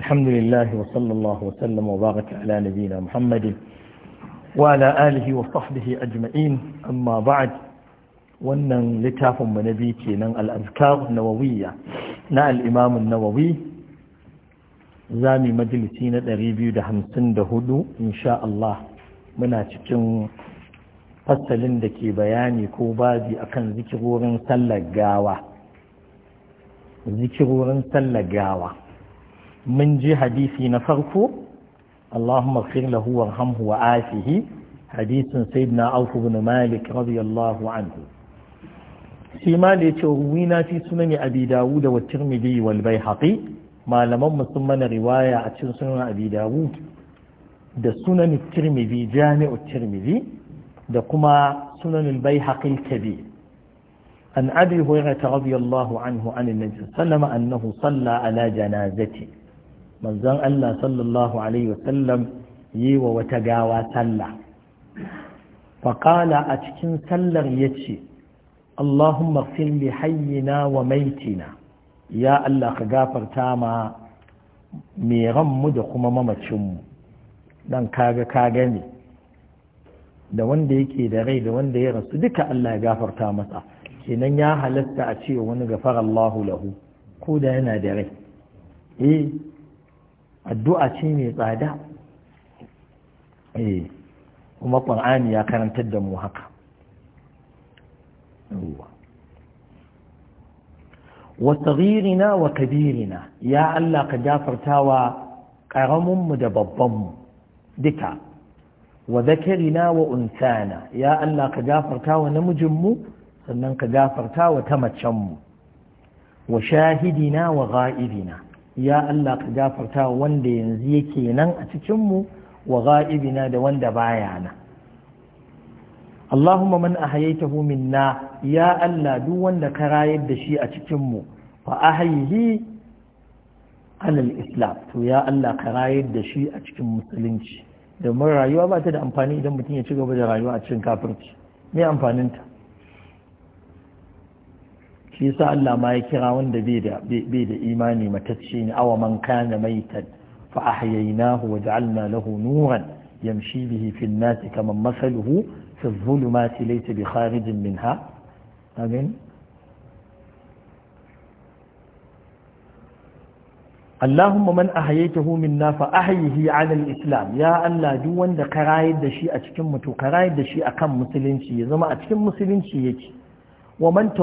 الحمد لله وصلى الله وسلم وبارك على نبينا محمد وعلى آله وصحبه أجمعين أما بعد wannan littafin mu na biyu kenan al-azkar na al-imam nawawi zami majalisi na 254 insha Allah muna cikin fasalin da ke bayani ko bazi akan zikirorin sallar gawa zikirorin sallar gawa mun ji hadisi na farko اللهم اغفر له وارحمه وعافه حديث سيدنا عوف بن مالك رضي الله عنه فيما ليتروينا في سنن أبي داود والترمذي والبيهقي ما لم ثمن رواية عن سنن أبي داود da sunan tirmidhi jami'u tirmidhi da kuma sunan al-baihaqi al-kabir an abi hurairah radiyallahu anhu an an-nabi annahu salla ala janazati manzon Allah sallallahu alaihi wasallam yi wa wata gawa sallah faƙala a cikin sallar ya ce Allahumma fil li hayyina wa maitina ya Allah ka gafarta ma mu da kuma mamacinmu dan kaga ka gane da wanda yake da rai da wanda ya rasu duka Allah ya gafarta masa kenan ya halatta a ce wani gafar Allahu lahu ko da yana da rai eh addu'a ce mai tsada eh kuma ƙur'ani ya karantar da mu haka wa tsagirina wa kabirina ya Allah ka gafartawa ƙaraminmu da babbanmu duka wa zakarina wa unsana ya Allah ka wa namijinmu sannan ka wa ta macenmu wa shahidina wa ga'ibina ya Allah ka gafarta wanda yanzu yake nan a cikinmu wa ga'ibina da wanda baya na Allahumma man ahayaitahu minna ya Allah duk wanda ka rayar da shi a cikinmu fa ahayhi alal islam to ya Allah ka rayar da shi a cikin musulunci domin rayuwa ba ta da amfani idan mutum ya ci gaba da rayuwa a cikin kafirci me amfaninta shi yasa Allah ma ya kira wanda bai da bai da imani matacce ne awa man kana maitan fa ahyaynahu wa ja'alna lahu nuran yamshi bihi fil nas kaman masaluhu fi dhulumati laysa bi kharijin minha amin اللهم من أحييته منا فأحيه على الإسلام يا الله دون دا قرايد دا شيء أتكم متو قرايد دا شيء أكم مسلين شيء زما أتكم مسلين شيء يكي wa man ta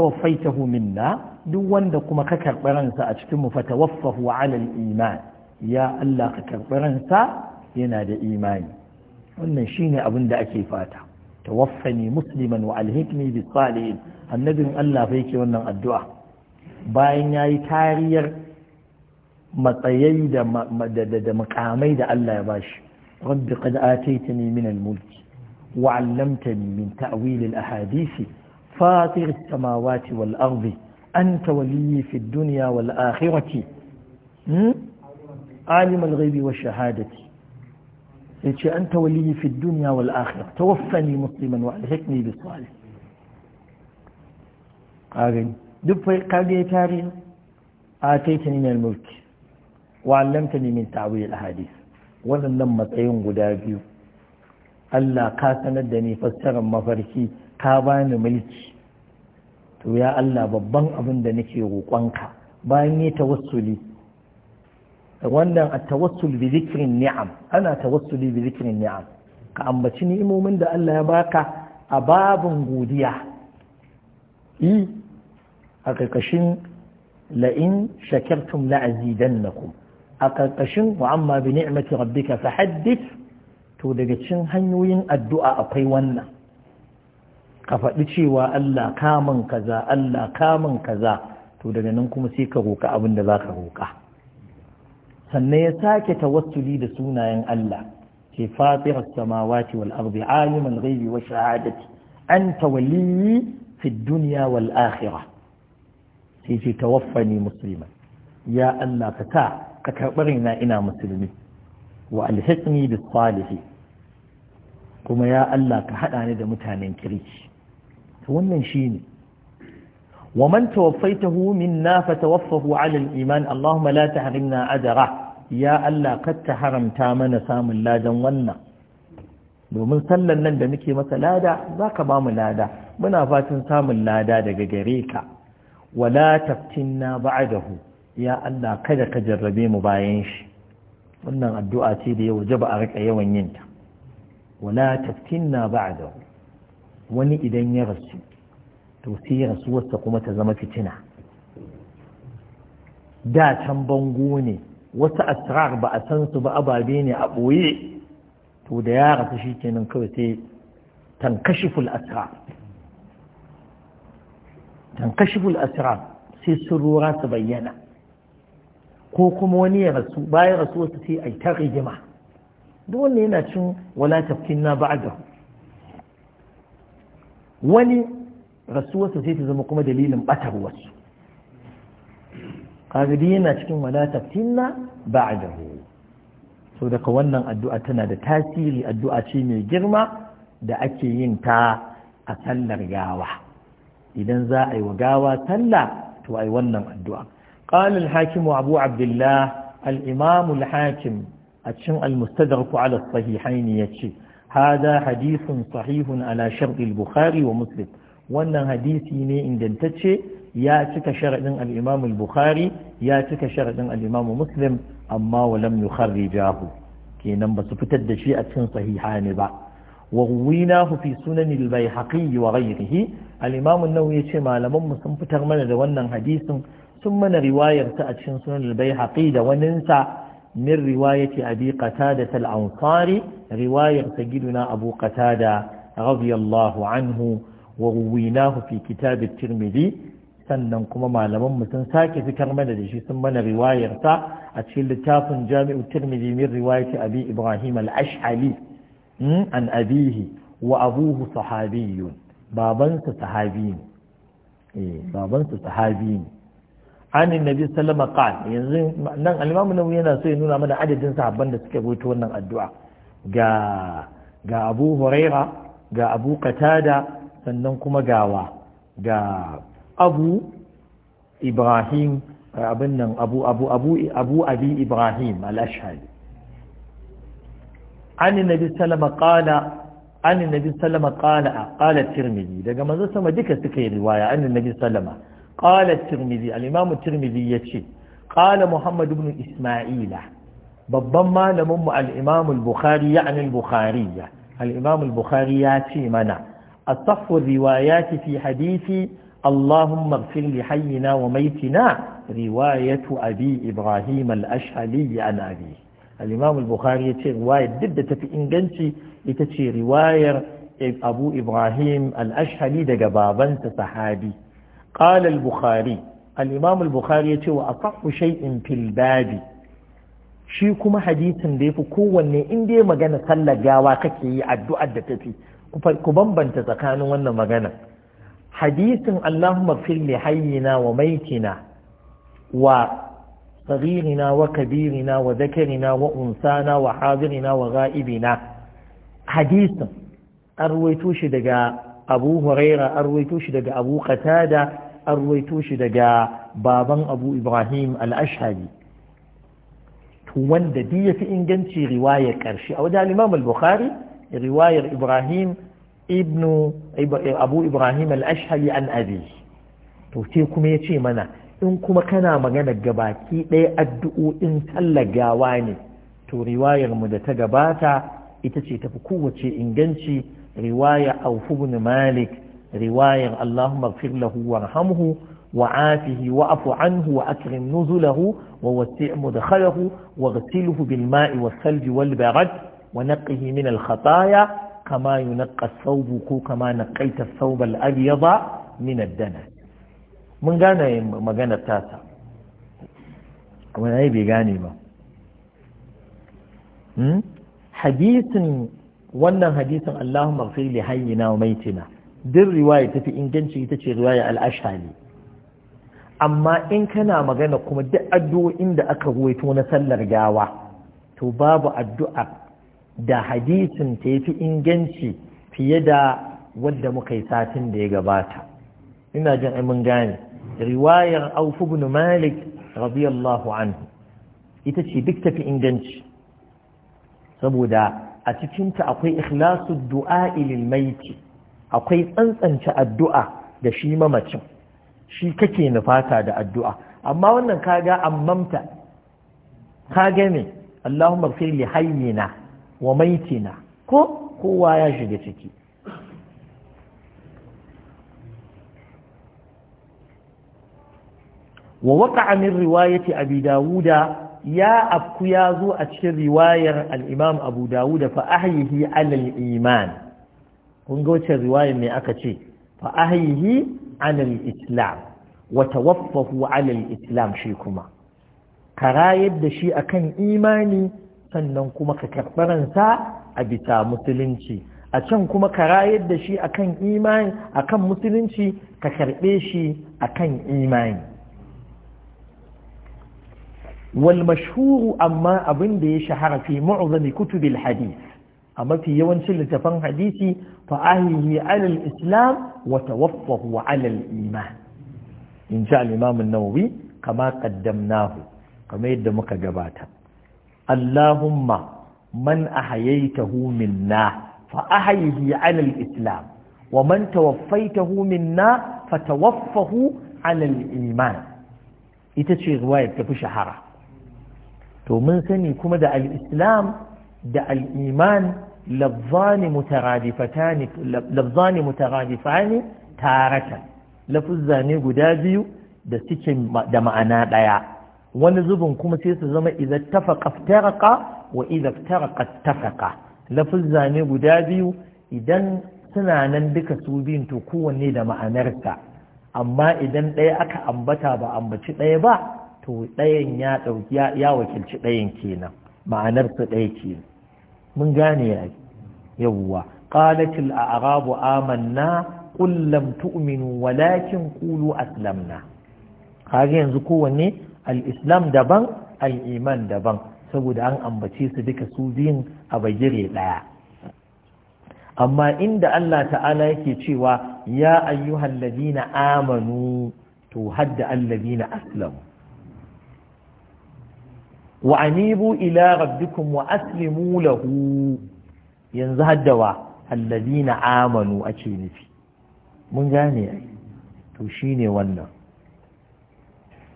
minna duk wanda kuma ka karɓi ransa a cikin mu fatawaffahu ala al-iman ya Allah ka karɓi ransa yana da imani wannan shine abin da ake fata tawaffani musliman wa alhikni bis salihin annabin Allah fa yake wannan addu'a bayan yayi tariyar matsayai da da mukamai da Allah ya bashi rabbi qad ataitani min al-mulk wa 'allamtani min ta'wil al-ahadisi فاطر السماوات والأرض أنت ولي في الدنيا والآخرة عالم الغيب والشهادة يتشي أنت ولي في الدنيا والآخرة توفني مسلما وألحقني بالصالح قارن دب يا تارين آتيتني من الملك وعلمتني من تعويل الأحاديث ولن لما أيون قدابي ألا قاسنا الدني فسر مفركي ka bani mulki to ya Allah babban abin da nake roƙonka bayan yi tawassuli wannan a tawassul bi zikirin ni'am ana tawassuli bi zikirin ni'am ka ambaci ni'imomin da Allah ya baka a babin godiya E, a ƙarƙashin la'in shakartum la'azidannakum a ƙarƙashin wa amma bi ni'mati rabbika fa haddith to daga cikin hanyoyin addu'a akwai wannan ka faɗi cewa Allah kamun kaza Allah kamun kaza to daga nan kuma sai ka roƙa abin da za ka roƙa sannan ya sake tawassuli da sunayen Allah ke fatiha samawati wal ardi alimul ghaibi wa shahadati anta waliyyi fid dunya wal akhirah sai ce tawaffani musliman ya Allah ka ta ka karɓar na ina musulmi wa alhiqni bis salihin kuma ya Allah ka haɗa ni da mutanen kirki to wannan shine wa man min na fatawaffahu 'ala al-iman Allahumma la tahrimna ajra ya Allah kad ta haramta mana samun ladan wannan domin sallan nan da muke masa lada zaka ba mu lada muna fatan samun lada daga gare ka wala taftinna ba'dahu ya Allah kada ka jarrabe mu bayan shi wannan addu'a ce da ya jaba a rika yawan yinta wala taftinna ba'dahu wani idan ya rasu to sai rasuwarsa kuma ta zama fitina da can bango ne wasu asrar ba a san su ba ababe ne a ɓoye to da ya rasu shi kenan kawai sai tankashiful asrar tankashiful asrar sai surura su bayyana ko kuma wani ya rasu bayan rasuwarsa sai a yi ta rigima duk wanda yana cin wala tafkin na ba'dahu wani rasuwarsa sai ta zama kuma dalilin batar wasu kagadi yana cikin wadatar tinna ba a jahu so daga wannan addu'a tana da tasiri addu'a ce mai girma da ake yin ta a sallar gawa idan za a yi wa gawa sallah to a yi wannan addu'a قال الحاكم أبو عبد الله الإمام الحاكم أتشن المستدرك على الصحيحين يتشي hada hadisun sahihun ala sharɗi bukhari wa muslim wannan hadisi ne ingantacce ya cika sharaɗin al'imamu bukhari ya cika sharaɗin al'imamu muslim amma walam jahu kenan ba su fitar da shi a cikin sahiha ne ba wa wina fi sunan al haƙi wa ghayrihi al-imam ya ce malaman mu sun fitar mana da wannan hadisin sun mana riwayar ta a cikin sunan al haƙi da waninsa min riwayati abi qatada al ansari riwayar sayyidina abu qatada radiyallahu anhu wa fi kitab at sannan kuma malaman mu sun sake fitar mana da shi sun mana riwayarsa a cikin littafin jami'u tirmidhi min riwayati bi ibrahim al-ash'ali hmm, an abihi wa abuhu sahabiyyun babansa sahabi ne eh, babansa sahabi ne an nabi sallama qal yanzu nan al-imam nawawi yana so ya nuna mana adadin sahabban da suka rubuta wannan addu'a ga ga Abu Huraira ga Abu Qatada sannan kuma gawa ga Abu Ibrahim abin nan Abu Abu Abu Abu Abi Ibrahim al-Ashhali an nabi sallama qala an nabi sallama qala qala Tirmidhi daga manzo sama duka suka yi riwaya an nabi sallama قال الترمذي الإمام الترمذي يتشي قال محمد بن babban malaminmu al’imamu al-bukhari ya ne al-bukhari ya ce mana a tafi riwayati fi hadithi allahun mafi lihayina wa maitina riwayatu abi ibrahim al-ashali ya nabi al’imamu al-bukhari ya ce riwayar duk da tafi inganci ita ce riwayar abu ibrahim al-ashali daga babansa sahabi قال البخاري الإمام البخاري يتوى wa شيء في الباب shi kuma hadisin da ya fi kowanne inda dai magana sallar gawa kake yi addu'a da tafi ku bambanta tsakanin wannan magana hadisin Allahumma fil hayyina wa maitina wa صغيرنا وكبيرنا وذكرنا وأنثانا وحاضرنا وغائبنا حديث أرويتوش دقا أبو هريرة أرويتوش دقا أبو قتادة an ruwaito shi daga baban abu ibrahim al-ashhari to wanda duk fi inganci riwayar ƙarshe a wajen imam al-bukhari riwayar ibrahim ibnu abu ibrahim al an abi to sai kuma yace mana in kuma kana magana gabaki ɗaya addu'o'in tallagawa ne to riwayar mu da ta gabata ita ce tafi kowace inganci riwaya auf malik riwayar Allahumma fir lahu warhamhu wa afihi wa afu anhu wa akrim nuzulahu wa wasi' mudkhalahu wa ghsilhu bil ma'i was salji wal wa naqqihi min al khataya kama yunqqa thawbu ku kama naqqaita thawb al min ad mun gane magana ta ta wani bai hmm? hadisin wannan hadisin Allahumma fir li hayyina wa maitina duk riwaya tafi inganci ita ce riwaya al'ashari amma in kana magana kuma duk addu'o'in da aka ruwaito na sallar gawa to babu addu'a da hadisin ta yafi inganci fiye da wadda muka yi satin da ya gabata ina jin mun gane riwayar auf ibn malik radiyallahu anhu ita ce duk fi inganci saboda a cikinta akwai ikhlasu du'a lil maiti akwai tsantsance addu'a da shi mamacin shi kake nufata da addu'a amma wannan kaga ammamta kaga me Allahumma ighfir li hayyina wa maitina ko kowa ya shiga ciki wa waka Amin riwayati abi dawuda ya afku ya zo a cikin riwayar al'imam abu dawuda fa ahyihi alal iman kun ga wacce riwayar me aka ce fa ahyihi anil islam wa tawaffahu anil islam shi kuma ka rayar da shi akan imani sannan kuma ka karɓaransa a bisa musulunci a can kuma ka rayar da shi akan imani akan musulunci ka karɓe shi akan imani wal mashhuru amma abin da ya shahara fi mu'zami kutubil hadith a mafi yawancin littafan hadisi fa alal islam wa tawaffahu alal iman in ji al-imam nawawi kama kamar yadda muka gabata allahumma man ahayaytahu minna fa alal islam wa man tawaffaitahu minna fa tawaffahu alal iman ita ce riwayar tafi shahara to mun sani kuma da al-islam da al-iman لفظان مترادفتان لفظان مترادفان تارة لفظان غدابي da suke da ma'ana ɗaya wani zubin kuma sai su zama idza tafaka iftaraka wa idza iftaraqa tafaka lafuzza zane guda biyu idan suna nan duka su biyun to kowanne da ma'anarsa amma idan ɗaya aka ambata ba ambaci ɗaya ba to ɗayan ya ɗauki ya wakilci ɗayan kenan ma'anarsa ɗaya kenan mun gane yaki. yawwa qalatil a'rabu amanna qul lam tu'minu walakin qulu aslamna kage yanzu kowanne al-islam daban al-iman daban saboda an ambace su duka su biyun a bagire daya amma inda Allah ta'ala yake cewa ya ayyuhal ladina amanu to hadda alladina aslam wa anibu ila rabbikum wa aslimu lahu yanzu haddawa allazina amanu ake nufi mun gane ai to ne wannan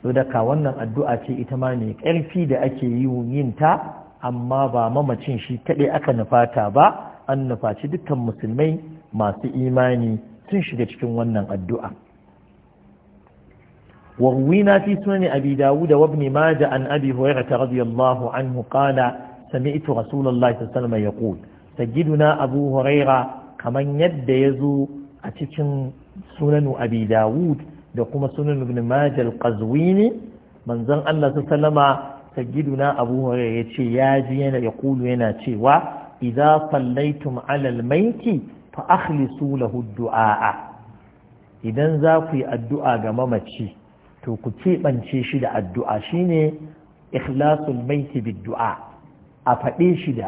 so wannan addu'a ce ita ma ne ƙarfi da ake yin ta amma ba mamacin shi kaɗai aka nufata ba an nufaci dukkan musulmai masu imani sun shiga cikin wannan addu'a وروينا في سنن أبي داود وابن ماجه عن أبي هريرة رضي الله عنه قال سمعت رسول الله صلى الله عليه وسلم يقول sajiduna abu huraira kamar yadda ya zo a cikin sunanu abi dawud da kuma sunan ibn majal qazwini manzon Allah su salama sajiduna abu huraira ya ce ya ji yana ya kulu yana cewa idza sallaitum alal fa akhlisu lahu du'a idan za ku yi addu'a ga mamaci to ku keɓance shi da addu'a shine ikhlasul maiti bid du'a a faɗe shi da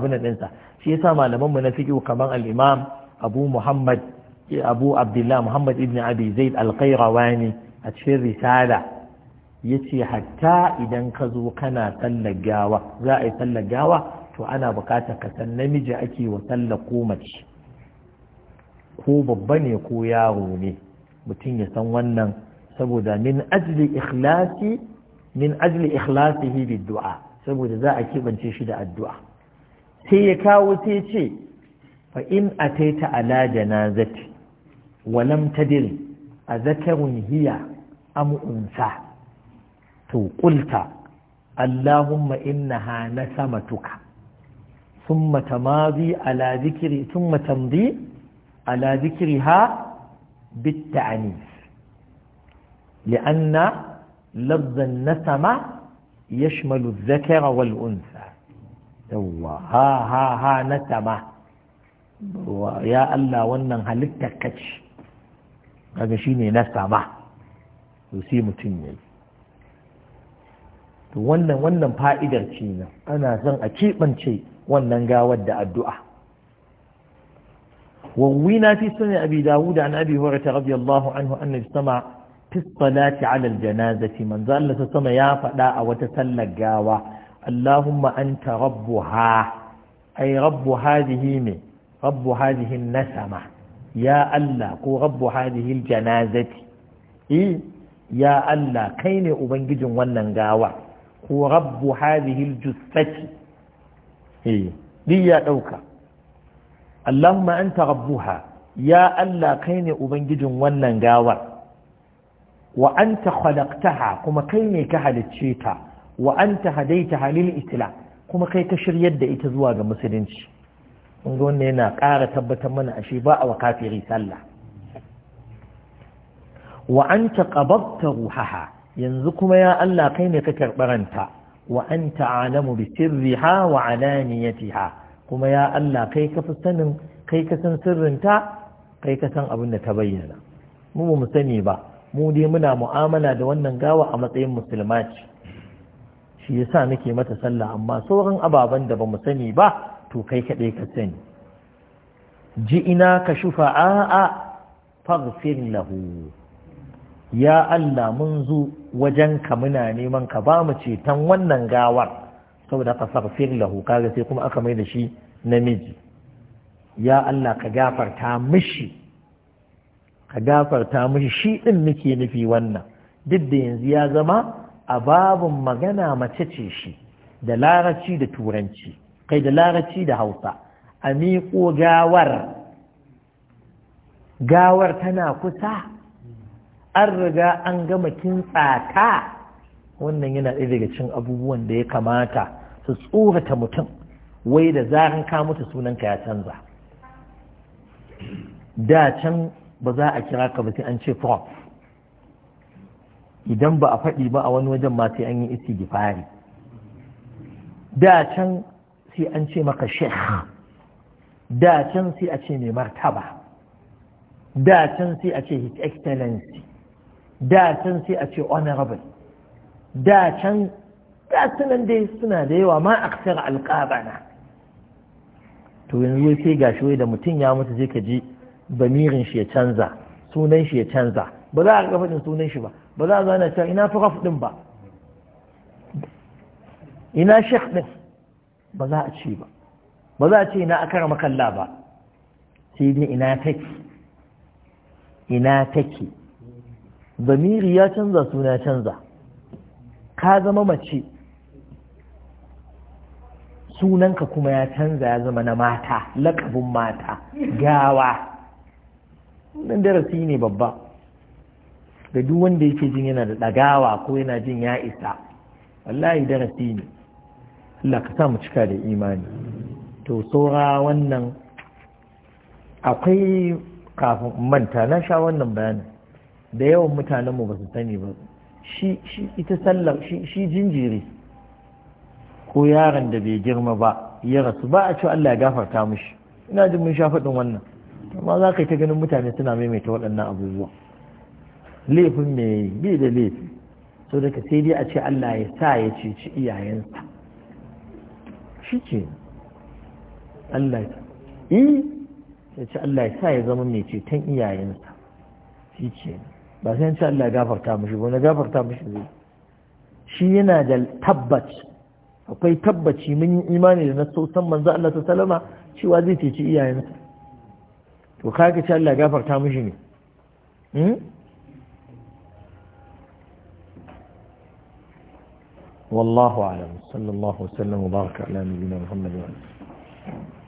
abin ɗinsa shi yasa malamanmu na fiƙi kamar al'imam abu muhammad abu abdullah muhammad ibn abi zaid alƙairawani a cikin risala ya ce hatta idan ka zo kana sallar gawa za a yi sallar gawa to ana buƙatar ka san namiji ake wa sallar ko mace ko babba ne ko yaro ne mutum ya san wannan saboda min ajli ikhlasi min ajli ikhlasihi bid du'a saboda za a keɓance shi da addu'a sai ya kawo sai ce fa in taita ala janazati walam tadil a zakarun hiya amunsa unsa to qulta allahumma innaha nasamatuka ثم تماضي على ذكر zikiri ha bitta anis. بالتعنيف لأن na sama. يشمل الذكر والأنثى يوا ها ها ها نتما يا الله wannan halittar kace kaga shine na sama to mutum yayi wannan wannan fa'idar ce nan ana son a keɓance wannan gawar da addu'a ووينا في سنة أبي داود عن أبي هريرة رضي الله عنه أن sama. fi salati ala aljanazati manzo Allah ta sama ya faɗa a wata sallar gawa Allahumma anta rabbuha ay rabbu hadhihi me rabbu hadhihi nasama ya Allah ko rabbu hadhihi aljanazati eh ya Allah kai ne ubangijin wannan gawa ko rabbu hadhihi aljussati eh din ya dauka Allahumma anta rabbuha ya Allah kai ne ubangijin wannan gawar wa anta khalaqtaha kuma kai ne ka halicce ta wa anta hadaitaha lil kuma kai ka shiryar da ita zuwa ga musulunci kun ga wannan yana ƙara tabbatar mana ashe ba a wa kafiri sallah wa anta qabadta ruhaha yanzu kuma ya Allah kai ne ka karbaranta wa anta alamu bi sirriha wa alaniyatiha kuma ya Allah kai ka fi sanin kai ka san sirrinta kai ka san abin da ta bayyana mu mu sani ba mu dai muna mu'amala da wannan gawa a matsayin musulma ce shi yasa nake mata sallah amma sauran ababan da bamu sani ba to kai kaɗai ka sani ji ina ka a faghfir lahu ya Allah mun zo ka muna neman ka ba mu ceton wannan gawar saboda ka faghfir lahu kaga sai kuma aka mai da shi namiji ya Allah ka gafarta mishi ka gafarta mishi shi ɗin muke nufi wannan duk da yanzu ya zama a babin magana mace ce shi da laraci da turanci kai da laraci da hausa a miƙo gawar gawar tana kusa an riga an gama tsaka wannan yana ɗaya daga cin abubuwan da ya kamata su tsorata mutum wai da zaran ka mutu sunanka ya canza da can ba za a kira ka ba sai an ce prof idan ba a faɗi ba a wani wajen ma sai an yi istighfari da can sai an ce maka sheikh da can sai a ce mai martaba da can sai a ce his excellency da can sai a ce honorable da can da sunan dai suna da yawa ma aksar alƙabana to yanzu sai gashi wai da mutum ya mutu zai ka je bamirin shi ya canza sunan shi ya canza ba za a ga faɗin sunan shi ba ba za a zana can ina turaf din ba ina shek din ba za a ce ba ba za a ce ina akara makalla ba sai dai ina take ina take zamiri ya canza suna canza ka zama mace sunanka kuma ya canza ya zama na mata lakabin mata gawa wannan darasi ne babba da duk wanda yake jin yana da ɗagawa ko yana jin ya isa wallahi darasi ne Allah ka sa mu cika da imani to saura wannan akwai kafin manta na sha wannan bayanin da yawan mutanen mu ba su sani ba shi ita sallar shi jinjiri ko yaron da bai girma ba ya rasu ba a ce Allah ya gafarta mishi ina jin mun sha faɗin wannan amma za ka yi ta ganin mutane suna maimaita waɗannan abubuwa laifin me bi da laifi so daga sai dai a ce Allah ya sa ya ceci iyayensa shi ke Allah yi e, ya ce Allah ya sa ya zama mai ceton iyayensa shi ke ba sai ce Allah ya gafarta mushi ba na gafarta mushi zai shi yana da tabbat akwai tabbaci mun yi imani da na sosan manzo Allah ta salama cewa zai ceci iyayensa to kaga ce Allah gafarta mishi ne والله أعلم صلى الله وسلم وبارك على نبينا محمد وعلى آله